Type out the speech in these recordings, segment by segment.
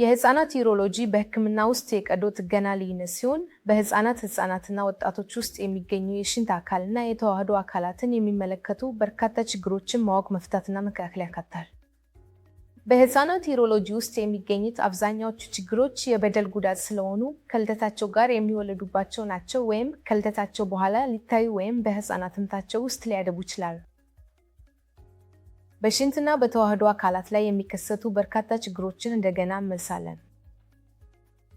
የህፃናት ዩሮሎጂ በህክምና ውስጥ የቀዶ ጥገና ልዩነት ሲሆን በህፃናት ህፃናትና ወጣቶች ውስጥ የሚገኙ የሽንት አካልና የተዋህዶ አካላትን የሚመለከቱ በርካታ ችግሮችን ማወቅ መፍታትና መከላከል ያካትታል። በህፃናት ዩሮሎጂ ውስጥ የሚገኙት አብዛኛዎቹ ችግሮች የበደል ጉዳት ስለሆኑ ከልደታቸው ጋር የሚወለዱባቸው ናቸው ወይም ከልደታቸው በኋላ ሊታዩ ወይም በህፃናትነታቸው ውስጥ ሊያደቡ ይችላሉ። በሽንትና በተዋህዶ አካላት ላይ የሚከሰቱ በርካታ ችግሮችን እንደገና መልሳለን።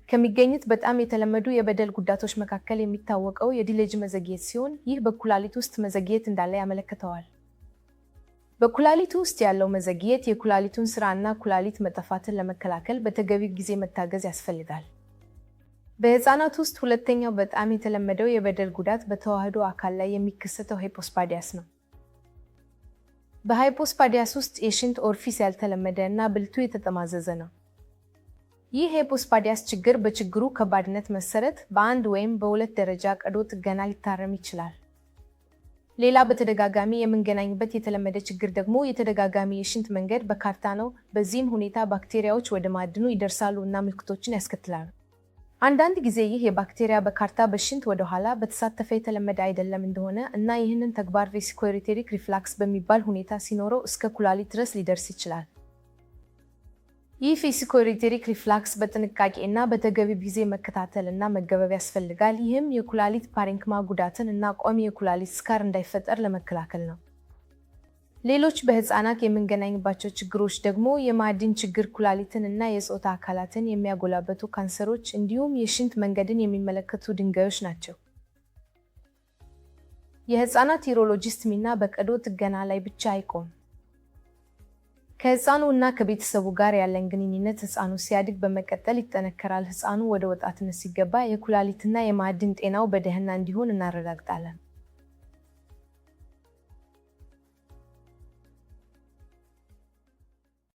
ከሚገኙት በጣም የተለመዱ የበደል ጉዳቶች መካከል የሚታወቀው የዲሌጅ መዘግየት ሲሆን ይህ በኩላሊት ውስጥ መዘግየት እንዳለ ያመለክተዋል። በኩላሊቱ ውስጥ ያለው መዘግየት የኩላሊቱን ስራና ኩላሊት መጠፋትን ለመከላከል በተገቢው ጊዜ መታገዝ ያስፈልጋል። በህፃናት ውስጥ ሁለተኛው በጣም የተለመደው የበደል ጉዳት በተዋህዶ አካል ላይ የሚከሰተው ሄፖስፓዲያስ ነው። በሃይፖስፓዲያስ ውስጥ የሽንት ኦርፊስ ያልተለመደ እና ብልቱ የተጠማዘዘ ነው። ይህ ሃይፖስፓዲያስ ችግር በችግሩ ከባድነት መሰረት በአንድ ወይም በሁለት ደረጃ ቀዶ ጥገና ሊታረም ይችላል። ሌላ በተደጋጋሚ የምንገናኝበት የተለመደ ችግር ደግሞ የተደጋጋሚ የሽንት መንገድ በካርታ ነው። በዚህም ሁኔታ ባክቴሪያዎች ወደ ማዕድኑ ይደርሳሉ እና ምልክቶችን ያስከትላሉ። አንዳንድ ጊዜ ይህ የባክቴሪያ በካርታ በሽንት ወደኋላ በተሳተፈ የተለመደ አይደለም እንደሆነ እና ይህንን ተግባር ቬሲኮሪቴሪክ ሪፍላክስ በሚባል ሁኔታ ሲኖረው እስከ ኩላሊት ድረስ ሊደርስ ይችላል። ይህ ቬሲኮሪቴሪክ ሪፍላክስ በጥንቃቄ እና በተገቢ ጊዜ መከታተል እና መገበብ ያስፈልጋል። ይህም የኩላሊት ፓሬንክማ ጉዳትን እና ቋሚ የኩላሊት ስካር እንዳይፈጠር ለመከላከል ነው። ሌሎች በህፃናት የምንገናኝባቸው ችግሮች ደግሞ የማዕድን ችግር፣ ኩላሊትን እና የፆታ አካላትን የሚያጎላበቱ ካንሰሮች እንዲሁም የሽንት መንገድን የሚመለከቱ ድንጋዮች ናቸው። የህፃናት ዩሮሎጂስት ሚና በቀዶ ጥገና ላይ ብቻ አይቆም። ከህፃኑ እና ከቤተሰቡ ጋር ያለን ግንኙነት ህፃኑ ሲያድግ በመቀጠል ይጠነከራል። ህፃኑ ወደ ወጣትነት ሲገባ የኩላሊትና የማዕድን ጤናው በደህና እንዲሆን እናረጋግጣለን።